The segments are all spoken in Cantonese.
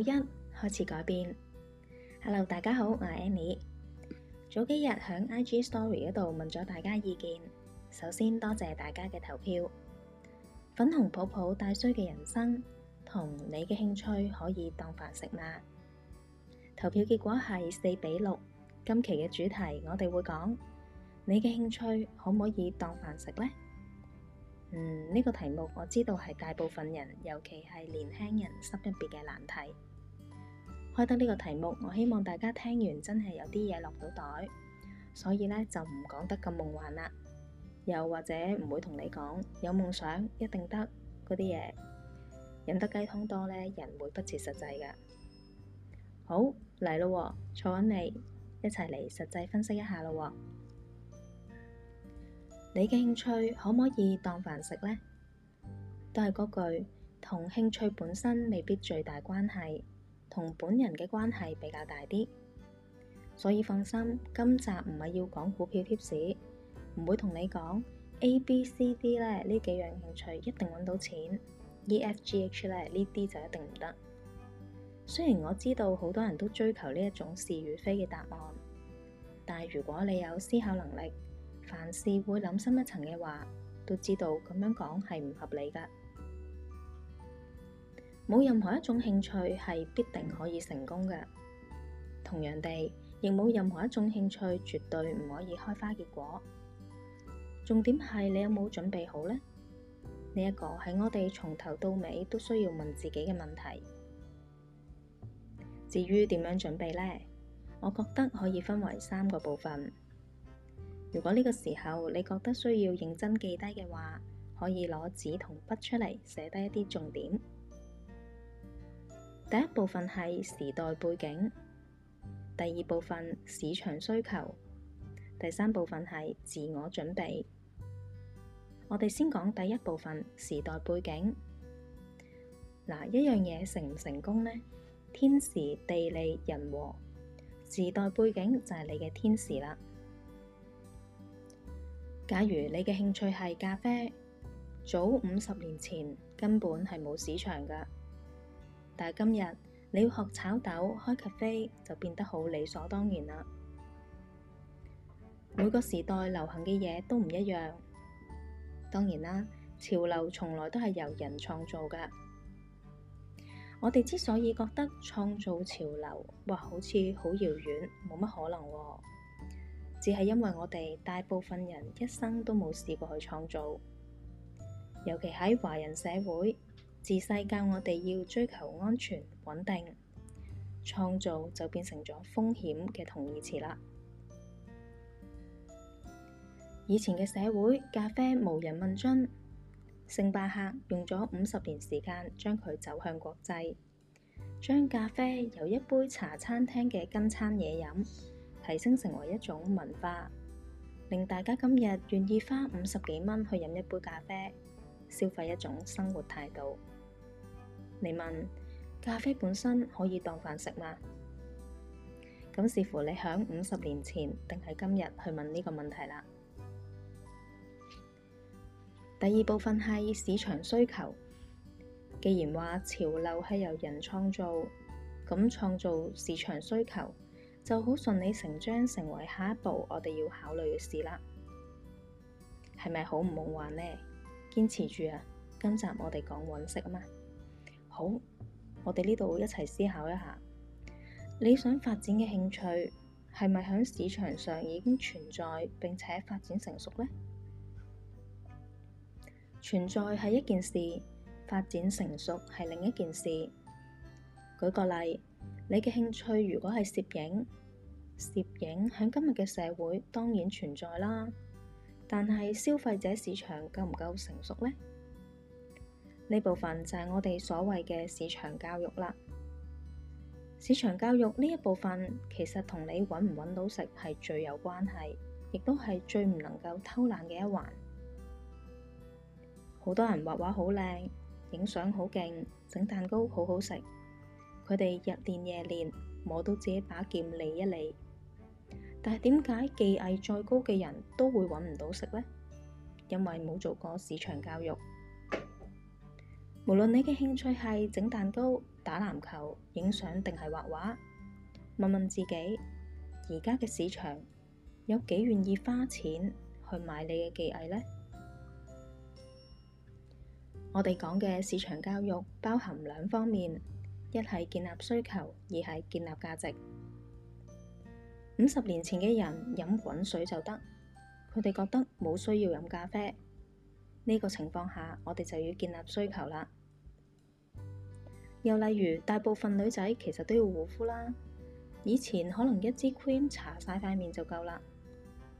一開始改變。Hello，大家好，我係 Annie。早幾日喺 IG Story 嗰度問咗大家意見。首先多謝大家嘅投票。粉紅泡泡大衰嘅人生同你嘅興趣可以當飯食嗎？投票結果係四比六。今期嘅主題我哋會講，你嘅興趣可唔可以當飯食呢？嗯，呢個題目我知道係大部分人，尤其係年輕人心入邊嘅難題。開得呢個題目，我希望大家聽完真係有啲嘢落到袋，所以呢就唔講得咁夢幻啦。又或者唔會同你講有夢想一定得嗰啲嘢，飲得雞湯多呢，人會不切實際㗎。好嚟咯，坐穩你，一齊嚟實際分析一下咯。你嘅興趣可唔可以當飯食呢？都係嗰句，同興趣本身未必最大關係。同本人嘅關係比較大啲，所以放心。今集唔係要講股票貼士，唔會同你講 A、B、C、D 咧呢幾樣興趣一定揾到錢，E、F、G、H 咧呢啲就一定唔得。雖然我知道好多人都追求呢一種是與非嘅答案，但係如果你有思考能力，凡事會諗深一層嘅話，都知道咁樣講係唔合理噶。冇任何一種興趣係必定可以成功嘅，同樣地，亦冇任何一種興趣絕對唔可以開花結果。重點係你有冇準備好呢？呢一個係我哋從頭到尾都需要問自己嘅問題。至於點樣準備呢？我覺得可以分為三個部分。如果呢個時候你覺得需要認真記低嘅話，可以攞紙同筆出嚟寫低一啲重點。第一部分係時代背景，第二部分市場需求，第三部分係自我準備。我哋先講第一部分時代背景。嗱，一樣嘢成唔成功呢？天時地利人和，時代背景就係你嘅天時啦。假如你嘅興趣係咖啡，早五十年前根本係冇市場噶。但係今日，你要學炒豆、開 cafe，就變得好理所當然啦。每個時代流行嘅嘢都唔一樣，當然啦，潮流從來都係由人創造噶。我哋之所以覺得創造潮流，嘩，好似好遙遠，冇乜可能，只係因為我哋大部分人一生都冇試過去創造，尤其喺華人社會。自細教我哋要追求安全穩定，創造就變成咗風險嘅同義詞啦。以前嘅社會，咖啡無人問津，星巴克用咗五十年時間將佢走向國際，將咖啡由一杯茶餐廳嘅跟餐嘢飲提升成為一種文化，令大家今日願意花五十幾蚊去飲一杯咖啡，消費一種生活態度。你問咖啡本身可以當飯食嗎？咁視乎你響五十年前定係今日去問呢個問題啦。第二部分係市場需求，既然話潮流係由人創造，咁創造市場需求就好順理成章成為下一步我哋要考慮嘅事啦。係咪好唔夢幻呢？堅持住啊！今集我哋講揾食啊嘛～好，我哋呢度一齊思考一下，你想發展嘅興趣係咪喺市場上已經存在並且發展成熟呢？「存在」係一件事，「發展成熟」係另一件事。舉個例，你嘅興趣如果係攝影，攝影喺今日嘅社會當然存在啦，但係消費者市場夠唔夠成熟呢？呢部分就係我哋所謂嘅市場教育啦。市場教育呢一部分其實同你揾唔揾到食係最有關係，亦都係最唔能夠偷懶嘅一環。好多人畫畫好靚，影相好勁，整蛋糕好好食，佢哋日練夜練，摸到自己把劍利一利。但係點解技藝再高嘅人都會揾唔到食呢？因為冇做過市場教育。無論你嘅興趣係整蛋糕、打籃球、影相定係畫畫，問問自己，而家嘅市場有幾願意花錢去買你嘅技藝呢？我哋講嘅市場教育包含兩方面，一係建立需求，二係建立價值。五十年前嘅人飲滾水就得，佢哋覺得冇需要飲咖啡。呢個情況下，我哋就要建立需求啦。又例如，大部分女仔其實都要護膚啦。以前可能一支 cream 搽曬塊面就夠啦，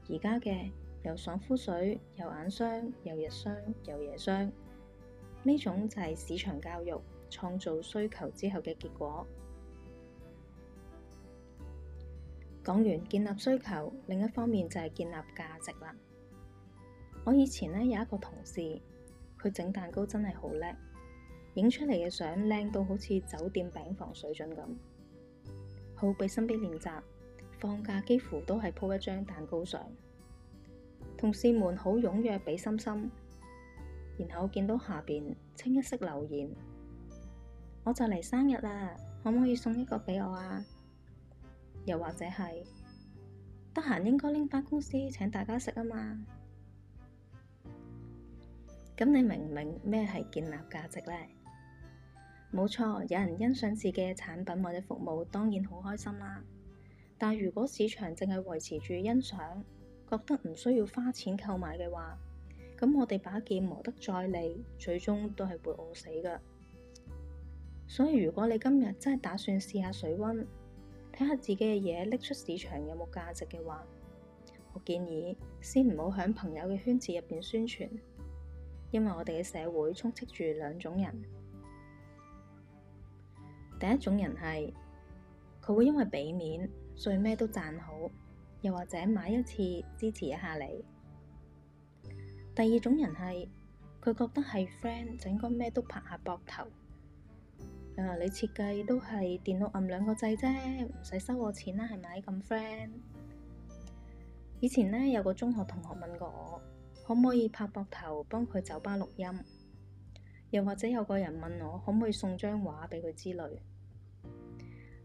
而家嘅有爽膚水，有眼霜，有日霜，有夜霜。呢種就係市場教育創造需求之後嘅結果。講完建立需求，另一方面就係建立價值啦。我以前呢，有一個同事，佢整蛋糕真係好叻。影出嚟嘅相靚到好似酒店餅房水準咁，好俾心機練習，放假幾乎都係鋪一張蛋糕相。同事們好踊躍俾心心，然後見到下邊清一色留言，我就嚟生日啦，可唔可以送一個俾我啊？又或者係得閒應該拎返公司請大家食啊嘛？咁你明唔明咩係建立價值呢？冇錯，有人欣賞自己嘅產品或者服務，當然好開心啦。但如果市場淨係維持住欣賞，覺得唔需要花錢購買嘅話，咁我哋把劍磨得再利，最終都係會餓死噶。所以，如果你今日真係打算試下水溫，睇下自己嘅嘢拎出市場有冇價值嘅話，我建議先唔好響朋友嘅圈子入邊宣傳，因為我哋嘅社會充斥住兩種人。第一種人係佢會因為畀面，所以咩都讚好，又或者買一次支持一下你。第二種人係佢覺得係 friend，就應該咩都拍下膊頭。誒，你設計都係電腦撳兩個掣啫，唔使收我錢啦，係咪咁 friend？以前呢，有個中學同學問過我，可唔可以拍膊頭幫佢酒吧錄音？又或者有個人問我，可唔可以送張畫畀佢之類？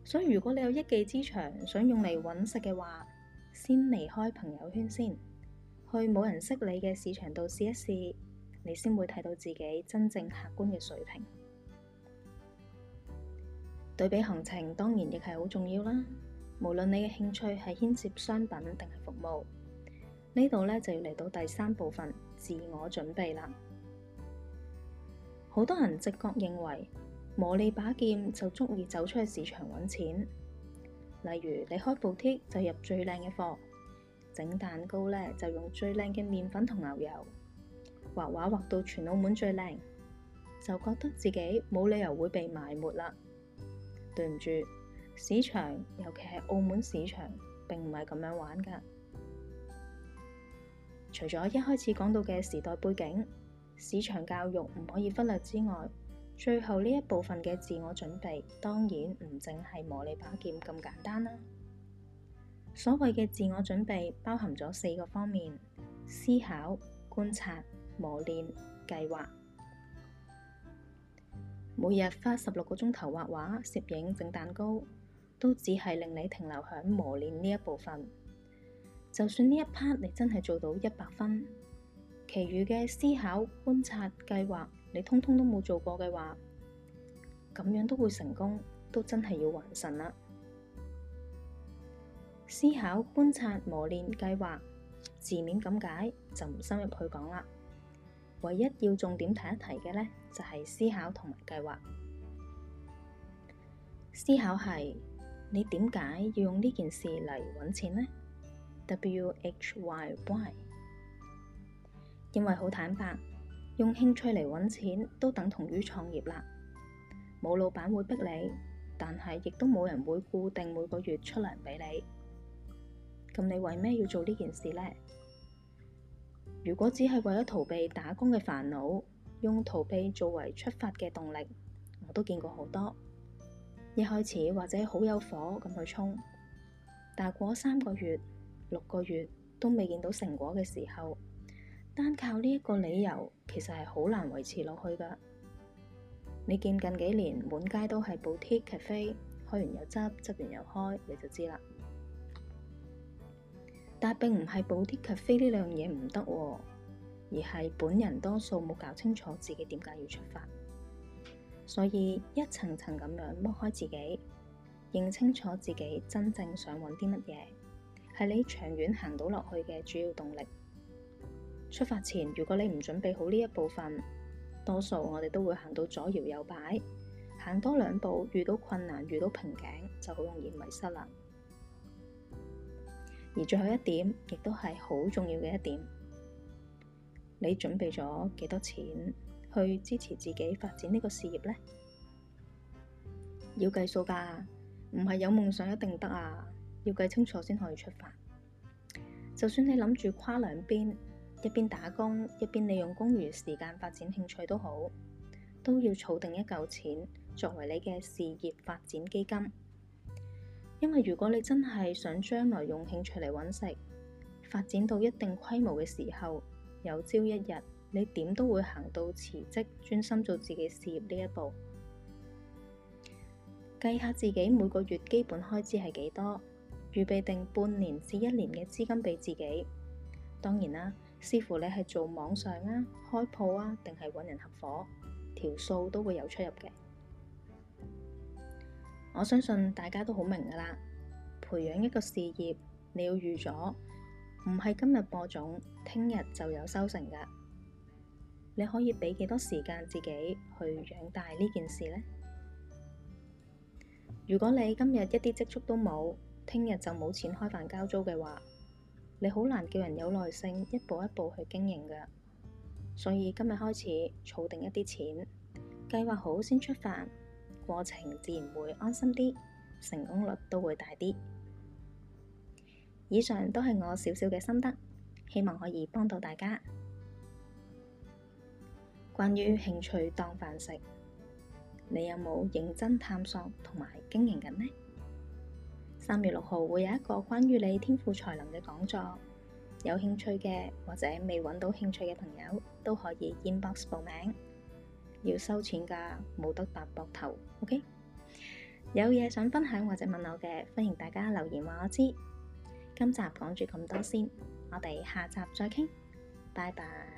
所以如果你有一技之長，想用嚟揾食嘅話，先離開朋友圈先，去冇人識你嘅市場度試一試，你先會睇到自己真正客觀嘅水平。 對比行情當然亦係好重要啦，無論你嘅興趣係牽涉商品定係服務，呢度呢就要嚟到第三部分自我準備啦。好多人直覺認為，磨你把劍就足以走出去市場揾錢，例如你開 boutique 就入最靚嘅貨，整蛋糕呢，就用最靚嘅麵粉同牛油，畫畫畫到全澳門最靚，就覺得自己冇理由會被埋沒啦。對唔住，市場尤其係澳門市場並唔係咁樣玩㗎。除咗一開始講到嘅時代背景、市場教育唔可以忽略之外，最後呢一部分嘅自我準備，當然唔淨係磨你把劍咁簡單啦，啊。所謂嘅自我準備包含咗四個方面：思考、觀察、磨練、計劃。每日花十六個鐘頭畫畫、攝影、整蛋糕，都只係令你停留喺磨練呢一部分。就算呢一 part 你真係做到一百分，其餘嘅思考、觀察、計劃，你通通都冇做過嘅話，咁樣都會成功，都真係要還神啦。思考、觀察、磨練、計劃，字面咁解就唔深入去講啦。唯一要重點提一提嘅呢，就係、是、思考同埋計劃。思考係你點解要用呢件事嚟揾錢呢？W H Y Why？因為好坦白。用興趣嚟揾錢都等同於創業啦，冇老闆會逼你，但係亦都冇人會固定每個月出糧俾你。咁你為咩要做呢件事呢？如果只係為咗逃避打工嘅煩惱，用逃避作為出發嘅動力，我都見過好多。一開始或者好有火咁去衝，但係過咗三個月、六個月都未見到成果嘅時候。單靠呢一個理由，其實係好難維持落去噶。你見近幾年滿街都係 boutique cafe，開完又執，執完又開，你就知啦。但係並唔係 boutique cafe 呢樣嘢唔得，而係本人多數冇搞清楚自己點解要出發，所以一層層咁樣剝開自己，認清楚自己真正想搵啲乜嘢，係你長遠行到落去嘅主要動力。出發前，如果你唔準備好呢一部分，多數我哋都會行到左搖右擺，行多兩步，遇到困難，遇到瓶頸，就好容易迷失啦。而最後一點，亦都係好重要嘅一點，你準備咗幾多錢去支持自己發展呢個事業呢？要計數噶，唔係有夢想一定得啊，要計清楚先可以出發。就算你諗住跨兩邊。一邊打工，一邊利用工餘時間發展興趣都好，都要儲定一嚿錢作為你嘅事業發展基金。因為如果你真係想將來用興趣嚟搵食，發展到一定規模嘅時候，有朝一日你點都會行到辭職，專心做自己事業呢一步。計下自己每個月基本開支係幾多，預備定半年至一年嘅資金俾自己。當然啦。視乎你係做網上啊、開鋪啊，定係揾人合伙，條數都會有出入嘅。我相信大家都好明㗎喇，培養一個事業，你要預咗，唔係今日播種，聽日就有收成㗎。你可以俾幾多時間自己去養大呢件事呢？如果你今日一啲積蓄都冇，聽日就冇錢開飯交租嘅話，你好難叫人有耐性一步一步去經營㗎，所以今日開始儲定一啲錢，計劃好先出發，過程自然會安心啲，成功率都會大啲。以上都係我少少嘅心得，希望可以幫到大家。關於興趣當飯食，你有冇認真探索同埋經營緊呢？三月六號會有一個關於你天賦才能嘅講座，有興趣嘅或者未揾到興趣嘅朋友都可以 inbox 報名，要收錢㗎，冇得搭膊頭，OK？有嘢想分享或者問我嘅，歡迎大家留言話我知。今集講住咁多先，我哋下集再傾，拜拜。